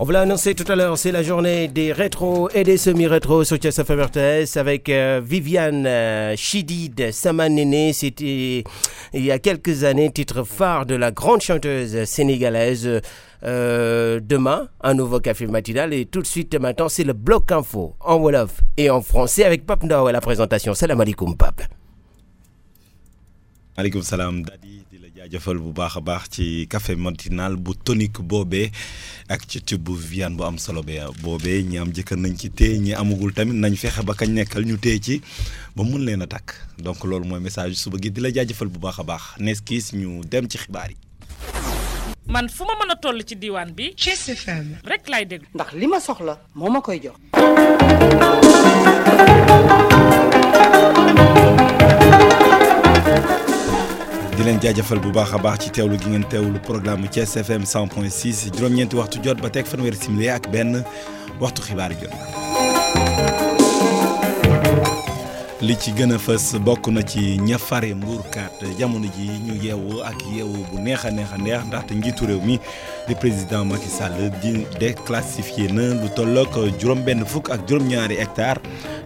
On vous l'a annoncé tout à l'heure, c'est la journée des rétros et des semi-rétros sur TSFM RTS avec euh, Viviane euh, Chidid Samanene. C'était il y a quelques années, titre phare de la grande chanteuse sénégalaise. Euh, demain, un nouveau café matinal et tout de suite maintenant, c'est le bloc info en Wolof et en français avec Pape Ndao la présentation. Salam alaikum, Pape. jaajëfal bu baax a baax ci café matinal bu tonique boobee ak ci tibb viande bu am solo be boobee ñi am jëkkër nañ ci téye ñi amagul tamit nañ fexe ba kañ nekkal ñu téye ci ba mun leen a takk donc loolu mooy message suba gi di la jaajëfal bu baax a baax nees kiis ñu dem ci xibaar yi. man fu ma mën toll ci diiwaan bi. Thiès FM rek laay déglu. ndax li ma soxla moo ma koy jox. leen jaajëfal bu baax a baax ci teewlu gi ngeen teewlu programme Thiès FM 100 point 6 juróom-ñeenti waxtu jot ba teg fanweeri simili ak benn waxtu xibaar jot li ci gën a fës bokk na ci ña fare mbuurkat jamono ji ñu yeewu ak yeewu bu neex a neex a neex ndaxte njiitu réew mi di président Macky Sall di déclassifié na lu tollook juróom-benn fukk ak juróom-ñaari hectare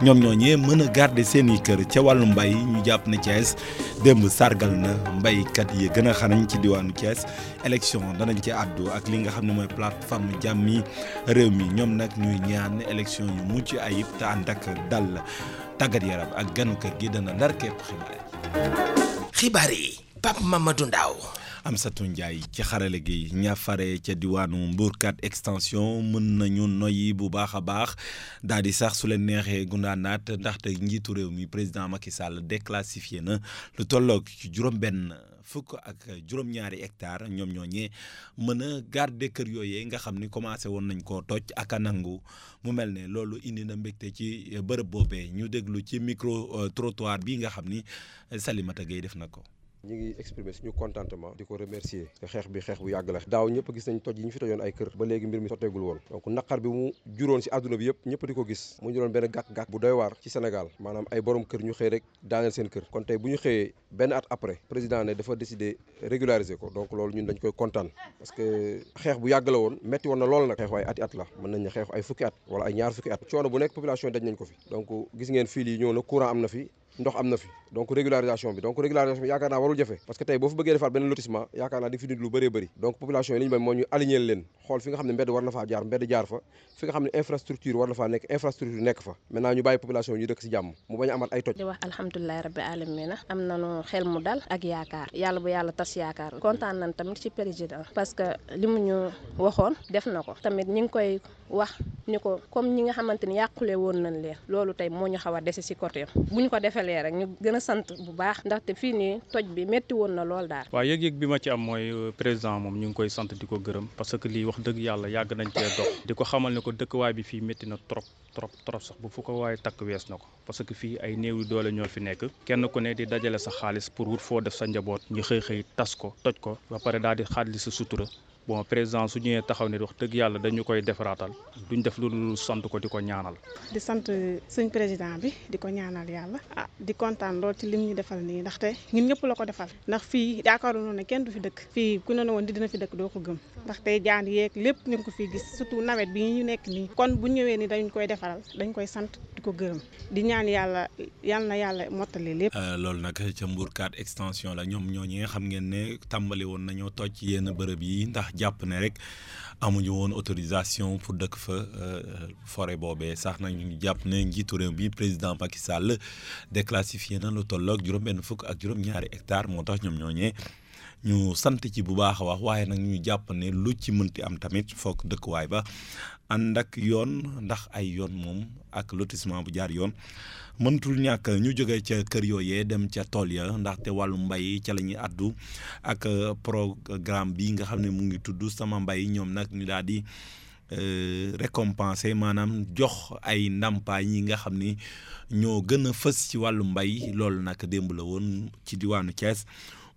ñoom ñooñee mën a garder seen kër ca wàllu mbay ñu jàpp na Thiès démb sargal na mbaykat yi gën a xanañ ci diwaanu Thiès élection danañ ci àddu ak li nga xam ne mooy plateforme jàmmi réew mi ñoom nag ñuy ñaan élection yu mucc ayib te ànd ak dal tàggat yaram ak ganu kër gi dana ndar képp xibaar yi. xibaar yi Pape Mamadou Amsatou Ndiaye ci xarale gi fare ca diwaanu Mbourkat extension mën nañu noyyi bu baax a baax daal di sax su leen neexee gundaanaat ndaxte njiitu réew mi président Macky Sall déclassifié na lu tolloog ci juróom-benn fukk ak juróom-ñaari hectare ñoom ñoo ñee mën a garder kër yooyee nga xam ni commencé woon nañ koo toj ak a nangu mu mel ne loolu indi na mbégte ci bërëb boobee ñu déglu ci micro euh, trottoir bi nga xam ni Salimata Gueye def na ko. ñu ngi exprimer suñu contentement di ko remercier te xeex bi xeex bu yàgg la daaw ñëpp gis nañ toj yi ñu fi tojoon ay kër ba léegi mbir mi sotteegul woon donc naqar bi mu juróon si àdduna bi yëpp ñëpp di ko gis mu ñu doon benn gàkk-gàkk bu ñu xëy rek daaneel seen kër kon bu ñu xëyee benn après président dafa décider régulariser ko donc loolu ñun dañ koy kontaan parce que xeex bu yàgg la woon metti woon na lool nag xeexu ay ati at wala ñaar fukki at bu nekk population daj nañ ko fi donc gis ngeen fii yi ñëw na courant am na fi ndox am na fi donc régularisation bi donc régularisation bi yaakaar naa warul jafe parce que tey boo fi bëggee defaat benn lotissement yaakaar naa di fi nit lu bëree bëri donc population yi li ñu bañ moo ñu aligné leen xool fi nga xam ne mbedd war na faa jaar mbedd jaar fa fi nga xam ne infrastructure war na faa nekk infrastructure nekk fa maintenant ñu bàyyi population ñu dëkk si jàmm mu bañ a amat ay toj di rabbi alamina am na ko tamit ñi ngi koy wax ni ko comme ñi nga xamante ni yàqule woon nañ leen mottalee rek ñu a sant bu baax ndaxte fii nii toj bi métti woon na lool daal waaw yëg-yëg bi ma ci am mooy euh, président moom ñu ngi koy sant di ko gërëm parce que lii wax dëgg yàlla yàgg nañ cee dox di ko xamal ne ko dëkkuwaay bi fii métti na trop trop trop sax bu fu ko waaye takk wees na ko parce que fii ay néew yu doole ñoo fi nekk kenn ku ne di dajale sa xaalis pour wut foo def sa njaboot ñu xëy xëy tas ko toj ko ba pare daal di xaalis sa sutura bon président su ñëwee taxaw ne wax dëgg yàlla dañu koy defaraatal duñ def lu dul sant ko di ko ñaanal. di sant suñ président bi di ko ñaanal yàlla. ah di kontaan lool ci lim ñu defal nii ndaxte ñun ñëpp la ko defal. ndax fii yaakaaroon ne kenn du fi dëkk. fii ku ne ne woon di dina fi dëkk doo ko gëm. ndaxte jaan yeeg lépp ñu ngi ko fii gis surtout nawet bi ñu nekk nii. kon bu ñëwee nii dañ koy defaral dañ koy sant. ko gërëm di ñaan yàlla yal na yàlla mottali lépp. Euh, loolu nag ca Mbour 4 extension la ñoom ñoo ñi nga xam ngeen ne tàmbali woon nañoo toj ci yenn bërëb yi ndax jàpp ne rek amuñu woon autorisation pour dëkk fa euh, forêt boobee sax nag ñu jàpp ne njiitu réew bi président Macky Sall déclassifié na lu tolloog juróom-benn fukk ak juróom-ñaari hectares moo tax ñoom ñoo ñee ñu sant ci bu baax a wax waaye nag ñu jàpp ne lu ci mënti am tamit foog dëkkuwaay ba and ak yoon ndax ay yoon moom ak lotissement bu jaar yoon mëntul ñàkk ñu jóge ca kër yooyee dem ca tool ya ndaxte wàllu mbay ca la ñuy àddu ak euh, programme bi nga xam ne mu ngi tudd sama mbay ñoom nag ñu daal di euh, récompenser maanaam jox ay ndàmpaay yi nga xam ni ñoo gën a fës ci wàllu mbay loolu nag démb la woon ci diwaanu Thiès.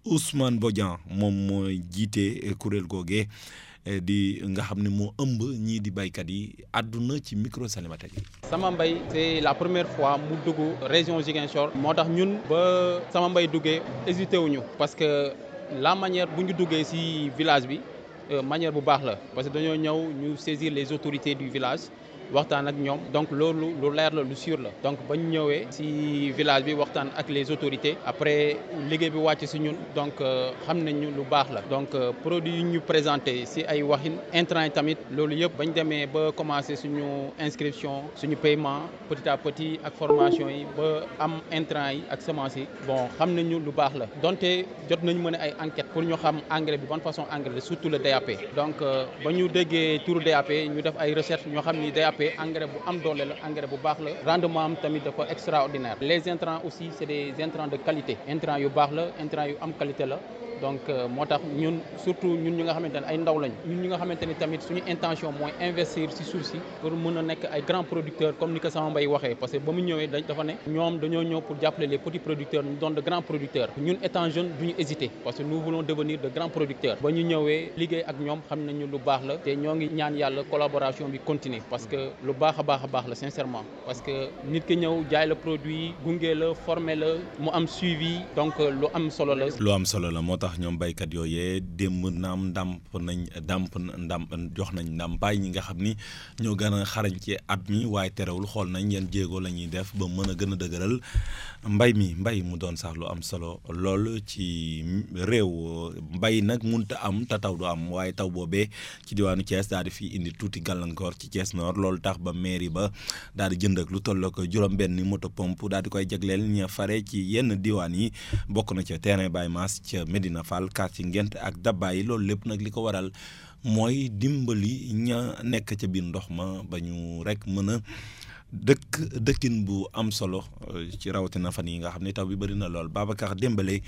Ousmane Bodian moom mooy jiitee eh, kuréel googee eh, di nga xam ne moo ëmb ñii di baykat yi àdduna ci micro Salimata sama mbay c'est la première fois mu dugg région Ziguinchor moo tax ñun ba sama mbay duggee hésité wuñu parce que la manière bu ñu duggee ci village bi euh, manière bu baax la parce que dañoo ñëw ñu saisir les autorités du village waxtaan ak ñoom donc loolu lu leer la lu sur la donc ba ñu ñëwee si village bi waxtaan ak les autorités après liggéey bi wàcc si ñun donc euh, xam nañu lu baax la donc euh, produit yu ñu présenté si ay waxin intrant yi tamit loolu yëpp bañ demee ba commencé suñu inscription suñu paiement petit à petit ak formation yi ba am intrant yi ak semence yi bon xam nañu lu baax la donte jot nañu mën ay enquête pour ñu xam engrais bi bonne façon engrais la le DAP donc euh, ba ay recherche ñoo xam pe engrais bu am doole la engrais bu baax la rendement am tamit dafa extraordinaire les intrants aussi c'est des intrants de qualité intrants yu baax la intrants yu am qualité la donc euh, moo tax ñun surtout ñun ñi nga xamante ay ndaw lañ ñun ñi nga xamante tamit suñu intention mooy investir si suuf si pour mën a nekk ay grands producteurs comme ni ko sama mbay waxee parce que ba mu ñëwee dafa ne ñoom dañoo ñëw pour jàppale les petits producteurs ñu doon de grands producteurs ñun étant jeune duñu hésiter parce que nous devenir de grands producteurs ba ñu ñëwee liggéey ak ñoom xam nañu lu baax la te ñoo ngi ñaan yàlla collaboration tax ñoom béykat yooyee démb naam ndàmp nañ ndàmp ndàmp jox nañ ndàmpaay ñi nga xam ni ñoo gën a xarañ ci at mi waaye terewul xool nañ yan jéego la ñuy def ba mën a gën a dëgëral mbay mi mbay mu doon sax lu am solo lool ci réew mbay nag munta am te taw du am waaye taw boobee ci diwaanu Thiès daal fi indi tuuti gàllankoor ci Thiès Nord loolu tax ba mairie ba daal di jënd ak lu toll ak juróom-benn moto pompe daal koy jagleel ña fare ci yenn diwaan yi Medina Fall quartier Ngent ak Dabayi loolu lépp nag li ko waral mooy dimbali ña nekk ca biir ndox ma ba ñu rek mën a dëkk dëkkin bu am solo euh, ci rawatina fan yi nga xam ne taw bi bëri na lool Babacar Dembélé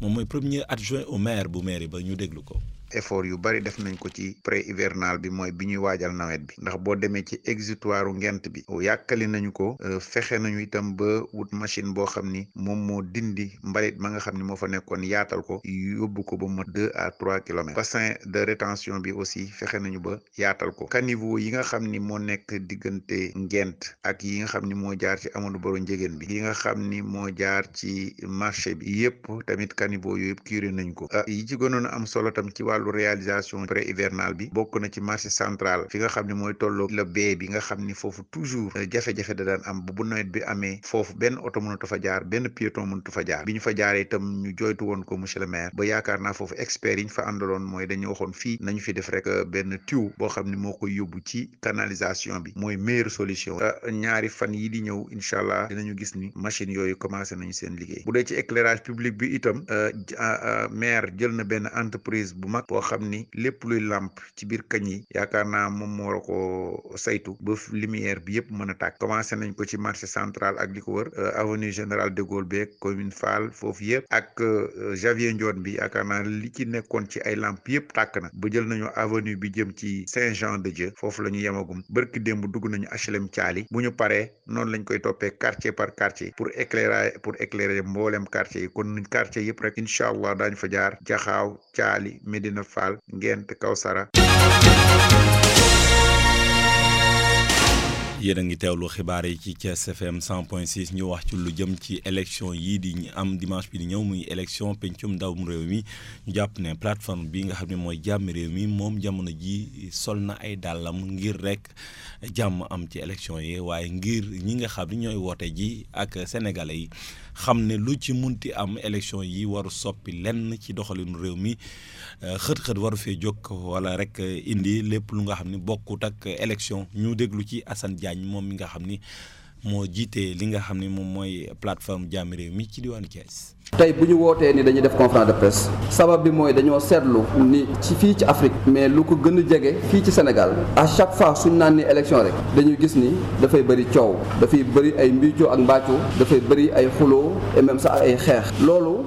moom mooy premier adjoint au maire bu maire ba ñu déglu ko. effort yu bari def nañ ko ci pré hivernal bi mooy bi ñuy waajal nawet bi ndax boo demee ci exutoire ngent bi yàkkali nañu ko euh, fexe nañu itam ba wut machine boo xam ni moom moo dindi mbalit ma nga xam ni moo fa nekkoon yaatal ko yóbbu ko ba ma deux à trois kilomètres bassin de rétention bi aussi fexe nañu ba yaatal ko caniveau yi nga xam ni moo nekk diggante ngent ak yi nga xam ni moo jaar ci Amadou Baro njegéen bi yi nga xam ni moo jaar ci marché bi yëpp tamit caniveau yooyu yëpp curé nañ ko ah, yi ci am solo ci wàllu wàllu réalisation pré hivernal bi bokk na ci marché central fi nga xam ne mooy tolloo la bee bi nga xam ni foofu toujours euh, jafe-jafe da daan am bu bu nawet bi amee foofu benn oto mënatu fa jaar benn piéton mënatu fa jaar bi ñu fa jaaree itam ñu joytu woon ko monsieur le maire ba yaakaar naa foofu experts yi ñu fa àndaloon mooy dañu waxoon fii nañu fi def rek euh, benn tuyau boo xam ne moo koy yóbbu ci canalisation bi mooy meilleure solution euh, ñaari fan yi di ñëw incha allah dinañu gis ni machine yooyu commencé nañu seen liggéey bu dee ci éclairage na benn entreprise bu mag boo xam ni lépp luy làmp ci biir kañ yi yaakaar naa moom moo war a ko saytu ba lumière bi yëpp mën a tàkk commencé nañ ko ci marché central ak li ko wër euh, avenue général de Gaulle beeg commune faal foofu yëpp ak euh, Javier Ndione bi yaakaar naa li ci nekkoon ci ay làmp yëpp tàkk na ba jël nañu avenue bi jëm ci Saint-Jean-de-Dieu foofu la ñu yemagum bërki démb dugg nañu HLM Thiali bu ñu paree noonu lañ koy toppee quartier par quartier pour éclairer pour éclairer mboolem yi kon quartier yëpp rek incha allah daañu fa jaar jaxaaw Fall ngent Kawsara yéen a ngi yi ci Thiès FM 100.6 ñu wax ci lu jëm ci élection yii di ñu am dimanche bi di ñëw muy élection pencum ndawum réew mi jàpp ne plateforme bi nga xam ne mooy jàmm réew mi moom jamono ji sol na ay dàllam ngir rek jàmm am ci élection yi waaye ngir ñi nga xam ne ñooy woote ji ak sénégalais yi xam ne lu ci munti am élection yi waru soppi lenn ci doxalinu réew mi euh, xët-xët waru fee jóg wala rek indi lépp lu nga xam ni bokkut ak élection ñu déglu ci Assane Diagne moom mi nga xam ni moo jiite li nga xam ni moom mooy plateforme jàmm réew mi ci diwaanu Thiès. tey bu ñu wootee ni dañuy def conférence de presse sabab bi mooy dañoo seetlu ni ci fii ci Afrique mais lu ko gën a jege fii ci Sénégal à chaque fois suñ naan ni élection rek dañuy gis ni dafay bëri coow dafay bëri ay mbiicoo ak mbaacoo dafay bëri ay xuloo et même sax ay xeex loolu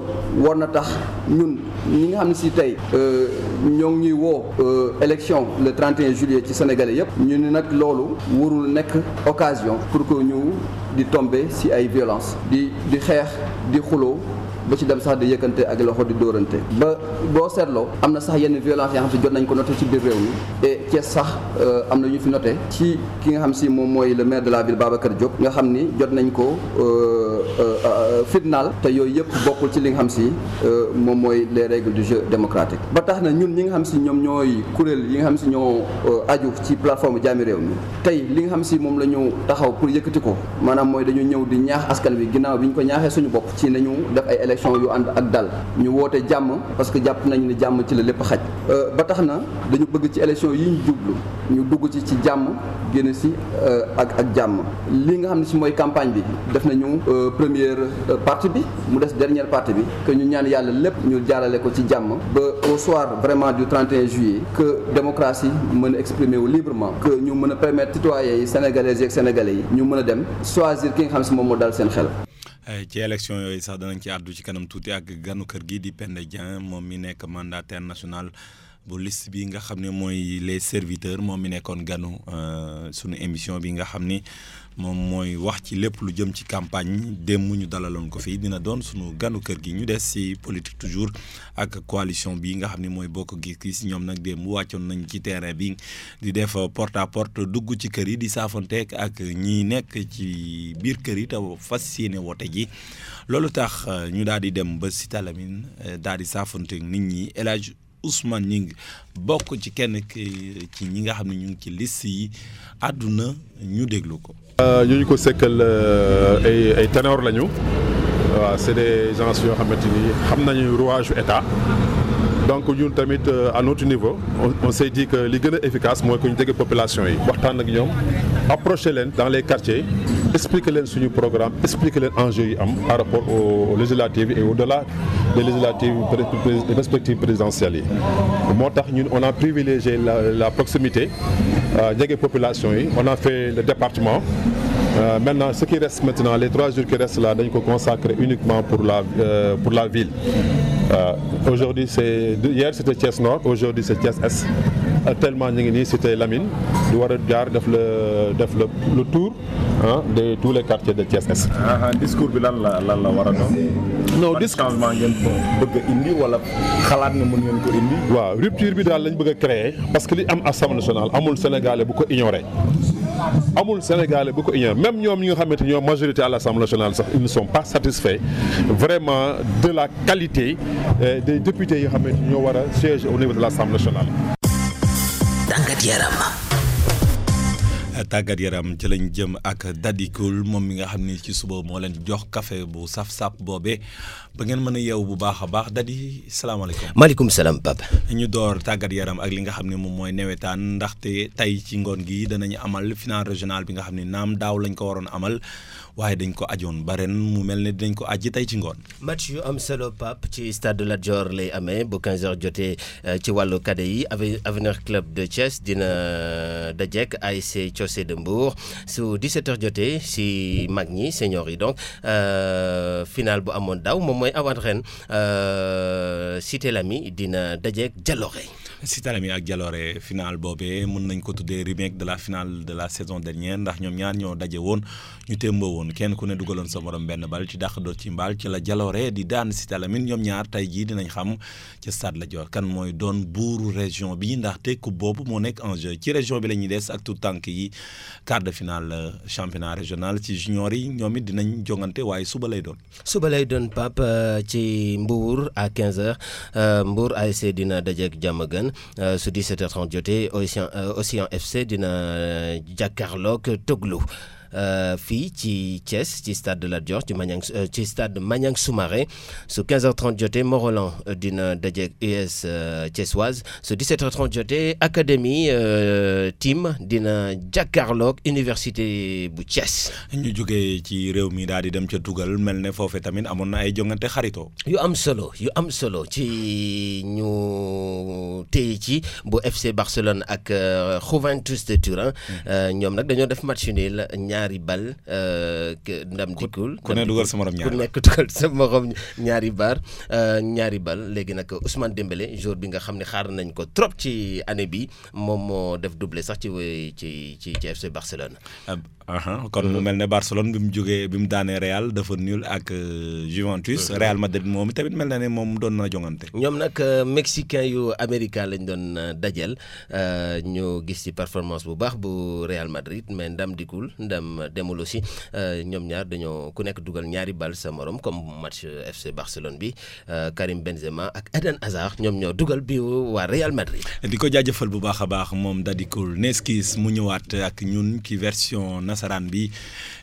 war na tax ñun ñi nga xam ne si tey euh, ñoo ngi ñuy woo euh, élection le 31 juillet ci Sénégalais yépp ñu ni nag loolu warul nekk occasion pour ko ñëw di tombe ci ay violence di di xeex di xuloo ba ci dem sax di yëkkante ak loxo di dóorante ba boo seetloo am na sax yenn violence yoo xam si jot nañ ko noté ci biir réew mi et sax euh, am na ñu fi noté ci ki nga xam si moom mooy le maire de la ville Babacar Diop nga xam ni jot nañ ko euh, euh, fitnaal te yooyu yëpp bokkul ci li nga xam si moom mooy les règles du jeu démocratique ba tax na ñun ñi nga xam si ñoom ñooy kuréel yi nga xam si ñoo aju ci plateforme Jàmmi Réew mi tey li nga xam si moom la ñu taxaw pour yëkkati ko maanaam mooy dañu ñëw di ñaax askan wi ginnaaw bi ñu ko ñaaxee suñu bopp ci nañu def ay élections élection yu ànd ak dal ñu woote jàmm parce que jàpp nañu ne jàmm ci la lépp xaj euh, ba tax na dañu bëgg ci élection yi ñu jublu ñu dugg ci ci jàmm génn si euh, ak ak jàmm li nga xam ne si mooy campagne bi def nañu euh, première partie bi mu des dernière partie bi que ñu ñaan yàlla lépp ñu jaarale ko ci jàmm ba au soir vraiment du 31 juillet que démocratie mën a exprimer wu librement que ñu mën a permettre citoyens yi sénégalaises yeeg sénégalais yi ñu mën a dem choisir ki nga xam si moom moo dal seen xel Eh, ci élection yooyu sax danañ ci àddu ci kanam tuuti ak ganu kër gi di Penda Dieng moom mi nekk mandataire national. bu liste bi nga xam ne mooy les serviteurs moom mi nekkoon ganu euh, sunu émission bi nga xam ni moom mooy wax ci lépp lu jëm ci campagne démb ñu dalaloon ko fii dina doon sunu ganu kër gi ñu des si politique toujours ak coalition bi nga xam ni mooy bokk gis-gis ñoom nag démb wàccoon nañ ci terrain bi di def porte à porte dugg ci kër yi di saafanteek ak ñi nekk ci biir kër yi te fas ne woote ji loolu tax euh, ñu daal di dem ba si talamin euh, daal di saafanteek nit ñi élage Ousmane Gningue bokk ci kenn ci ñi nga xam ne ñu ngi ci liste yi àdduna ñu déglu ko. Euh, ñu ñu ko sekkal euh, ay ay ténor lañu waaw c'est des gens yoo xamante ni xam nañu rouage état donc ñun tamit euh, à notre niveau on s'est dit que li gën a efficace mooy que ñu jege population yi waxtaan ak ñoom approché leen dans les quartiers. expliquer leen suñu programme expliquer leen enjeux yi am par rapport aux législatives et au-delà des législatives des perspectives yi moo tax ñun on a privilégié la la proximité euh, jege population yi on a fait le département Euh, maintenant ce qui reste maintenant les trois jours qui restent dañ ko consacrer uniquement pour la euh, la ville euh, aujourd'hui c'est hier c'était Thiès Nord aujourd'hui c'est Thiès Est actuellement euh, ñu ngi nii c'était Lamine du war a jaar def le def le le tour de tous les quartiers de Thiès Est. Ah, ah, discours bi lan la lan la war a doon. non discours ngeen bëgg a indi wala xalaat na mën ngeen ko indi. waaw rupture bi daal lañ bëgg a créer parce que li am assemblée nationale amul sénégalais bu ko ignoré. amul sénégalais bu ko ignoré même ñoom ñi nga xamante ñoom majorité à l' assemblée nationale sax ils ne pas satisfaits vraiment de la qualité euh, des député yi nga xamante ñoo war a siège au niveau de l' assemblée nationale. tàggat yaram ci lañu jëm ak dadikul moom mi nga xam ni ci suba moo leen jox kafe bu saf-saf boobee ba ngeen mën a yeew bu baax a baax dadi salaamaaleykum. maaleykum salaam Pape. ñu door tàggat yaram ak li nga xam ne moom mooy nawetaan ndaxte tey ci ngoon gi danañu amal final régional bi nga xam ne naam daaw lañ ko waroon amal. waaye dañ ko ajoon ba ren mu mel ni dinañ ko aji tey ci ngoon. match yu am solo Pape ci stade Lat Dior lay amee bu 15h jotee euh, ci wàllu kade yi avenir club de Thiès dina euh, dajeek ASC Thiocé de Mbour su 17 jotee si mag ñi senior yi donc euh, final bu amoon daw moom mooy avant ren Cité Lamy dina dajeek Jalooré. si tarami ak jaloore final boobee mën nañ ko tuddee remake de la finale de la saison dernière ndax ñoom ñaar ñoo daje woon ñu témboo woon kenn ku ne dugaloon sa morom benn bal ci dàq door ci mbaal ci la jaloore di daan si talamin ñoom ñaar tey jii dinañ xam ca stade Lat Dior kan mooy doon buuru région bi te ku boobu moo nekk en jeu ci région bi la ñuy des ak tout tànk yi quart de finale championnat régional ci junior yi ñoom it dinañ jongante waaye suba lay doon. suba lay doon Pape ci Mbour à 15h euh, Mbour ASC dina dajeeg jàmm gën Antoine su 17h30 jotee Océan euh, Océan FC dina euh, jàkkaarloog Toglu euh, fii ci Thiès ci stade de la Dior ci Maniang euh, ci stade Maniang Soumaré su 15h30 jotee Morolan euh, dina dajeeg US euh, Thiessoise su 17h30 jotee académie team dina jàkkaarloog université bu Thiès. ñu jógee ci réew mi daal di dem ca Tugal mel ne foofee tamit amoon na ay jongante xarito. yu am solo yu am solo ci ñu téye ci bu FC Barcelone ak Juventus de Turin mm. ñoom nag dañoo def match ñaari bal %e ndam dikkul ku ne dugal sa morom ñaar ku euh, bi nga xam ne xaar nañ ko trop :fra ci année :fra bii moom moo def doublé :fra sax ci %e ci ci ci FC Barcelone ah, kon mu euh. mel ne Barcelone bi mu jógee bi mu daanee Real dafa nul ak %e Juventus Real Madrid moom tamit mel na ne moom doon na joŋante. ñoom nag %e mexicain yu américa lañ doon dajeel [r] gis ci performance bu baax bu Real Madrid mais :fra ndam dem demul aussi euh, ñoom ñaar dañoo ku nekk dugal ñaari bal sa morom comme match FC Barcelone bi euh, Karim Benzema ak Eden Hazard ñoom ñoo dugal bi waa Real Madrid. di ko jaajëfal bu baax moom Dadikul mu ñëwaat ak ñun ci version nasaraan bi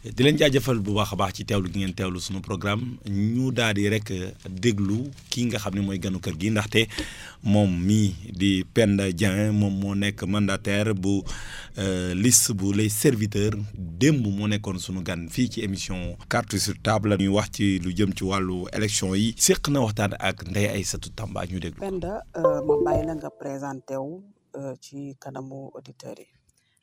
di leen jaajëfal bu baax a baax ci teewlu gi ngeen teewlu sunu programme ñu daal di rek déglu kii nga xam ne mooy ganu kër gi ndaxte moom mii di Penda Dieng moom moo nekk mandataire bu euh, liste bu les serviteurs démb démb moo nekkoon sunu gan fii ci émission carte sur table ñuy wax ci lu jëm ci wàllu élection yi séq na waxtaan ak ay Aïssatou Tamba ñu déglu. Penda euh, ma bàyyi la nga présenté wu euh, ci kanamu auditeurs yi.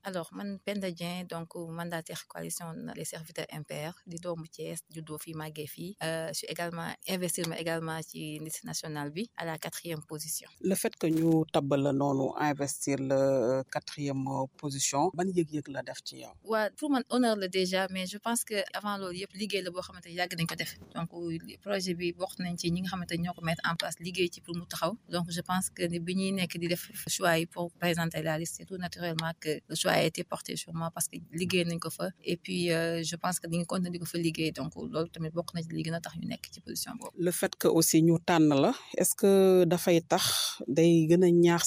alors man Penda Dieng donc euh, mandataire coalition les serviteurs MPR di doomu Thiès juddoo fii màggee fii euh, également investir ma également ci liste nationale bi à la quatrième position. le fait que ñu tabbal la noonu investir la euh, quatrième position ban yëg-yëg la def ci yow. waaw pour man honneur la déjà mais je pense que avant loolu yëpp liggéey la boo xamante ne nañ ko def donc projet bi bokk nañ ci ñi nga xamante ne ñoo ko mettre en place liggéey ci pour mu taxaw donc je a été porté sur parce que liggéey nañ ko fa et puis euh, je pense que dañu continuer di ko fa liggéey donc loolu tamit bokk na ci li gën a tax ñu a ñaax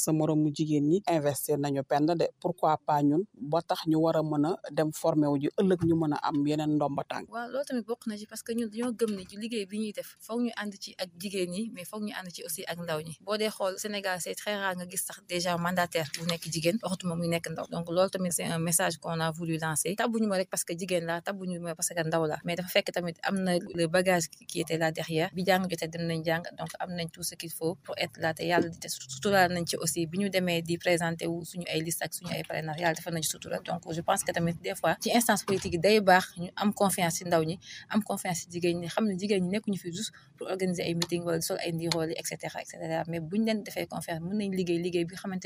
sa jigéen ñi investir nañu pend de pourquoi pas ñun ba tax ñu war a mën a dem former wu ji ëllëg ñu mën a am yeneen ndomba tànk. waaw loolu tamit bokk na ci parce que ñun dañoo gëm ne ci liggéey bi ñuy def foog ñu ànd ci ak jigéen ñi mais foog ñu ànd ci aussi ak ndaw ñi boo dee xool Sénégal c'est très rare nga gis sax déjà mandataire bu nekk jigéen waxtuma muy nekk ndaw donc loolu tamit c'est un message qu'on a voulu lancer tabbuñu ma rek parce que jigéen la tabbuñu ma parce que ndaw la mais dafa fekk tamit am na le bagage nañ tout ce qu'il faut pour être là te yàlla te nañ ci sutura donc je pense que tamit des ci instance politique day baax am confiance ci ndaw ñi am confiance ci jigéen ñi xam ne jigéen ñi nekkuñu fi juste pour organiser ay meeting wala sol ay ndirool yi mais buñ leen defee confiance mën nañ liggéey liggéey bi xamante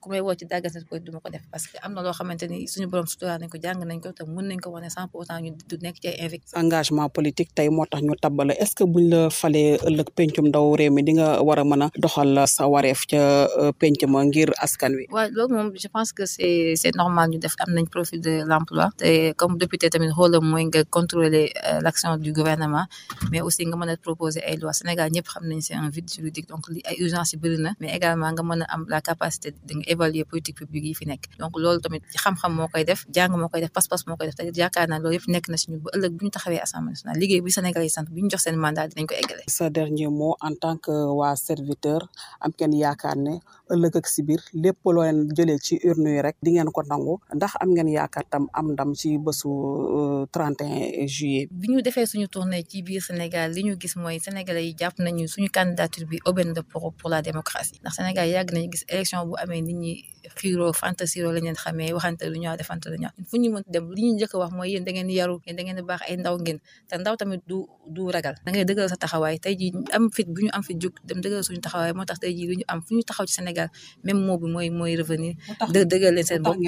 ku may woo ci dàggasnat ko du ma ko parce que am na loo xamante ni suñu borom sutura nañ ko jàng nañ ko te mën nañ ko wane cent pour cent moo tax ñu tabbala est que buñ la falee ëllëg pencum ndaw réew mi di nga a mën a doxal sa wareef ca euh, penc ma ngir askan wi waaw moom je pense que c' est c' est normal ñu def am nañ profil de l' emploi te comme député tamit xoolam mooy nga contrôler euh, l' action du gouvernement mais aussi nga mën a proposer ay loi Sénégal ñëpp xam nañ c' est di nga politique publique yi fi nekk donc loolu tamit xam-xam moo koy def jàng moo koy def pas-pas moo koy def te yaakaar naa loolu yëpp yi jox seen que waa serviteur am kenn yaakaar ne ëllëg ak si biir lépp loo leen jëlee ci urne yi rek di ngeen ko nangu ndax am ngeen yaakaar tam am ndam ci bésu 31 euh, juillet bi ñu defee suñu tournée ci biir Sénégal li ñu gis mooy sénégalais yi jàpp nañu suñu candidature bi aubaine de pour pour la démocratie ndax Sénégal yàgg nañu gis élection bu amee mooy nit xiiroo fantasiroo lañ leen xamee waxante lu ñaaw defante lu ñaaw ñu mën dem li ñu a wax mooy yéen yaru yéen baax ay ndaw ngeen te ndaw tamit du ragal da ngay dëggal taxawaay moo tax tey am fu ñu taxaw ci Sénégal même mooy revenir dë dëggal leen seen bopp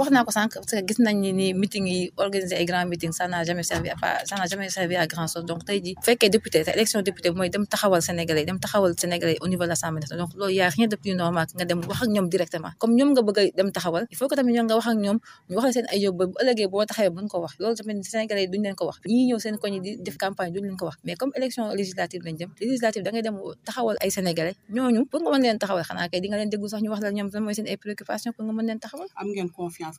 wax naa ko sànq parce gis nañ ni meeting yi organiser ay grand meeting ça n'a servi à grand chose donc tey ji fekkee député te élection député mooy dem taxawal Sénégalais dem taxawal Sénégalais place nga dem wax ñoom directement comme ñoom nga bëgg dem taxawal il faut que tamit ñoom nga wax ñoom ñu wax seen ay yóbbu bu ëllëgee boo taxawee ko wax mais comme élection pour nga mën leen taxawal am ngeen confiance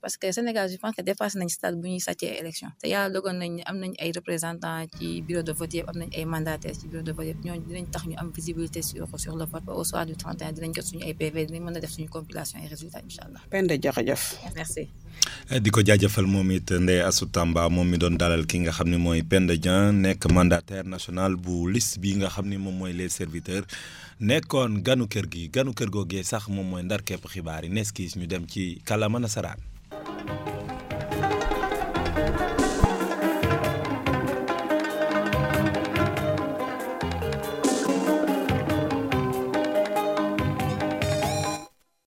parce que Sénégal je que dépassé nañ stade bu ñuy élection te yàlla dogal nañ am nañ ay représentants ci bureau de vote am nañ ay mandataires ci bureau de vote ñooñu dinañ tax ñu am visibilité sur ko sur le vote ba au soir du 31 dinañ jot suñu ay PV dinañ mën a di ko jaajëfal moom it Ndeye Assou Tamba moom mi doon dalal ki nga xam ne mooy Penda Dieng nekk mandataire national bu liste bi nga xam ne moom mooy les serviteurs nekkoon ganu kër gi ganu kër googee sax moom mooy ndar képp xibaar yi nees kiis ñu dem ci kàllaama nasaraan.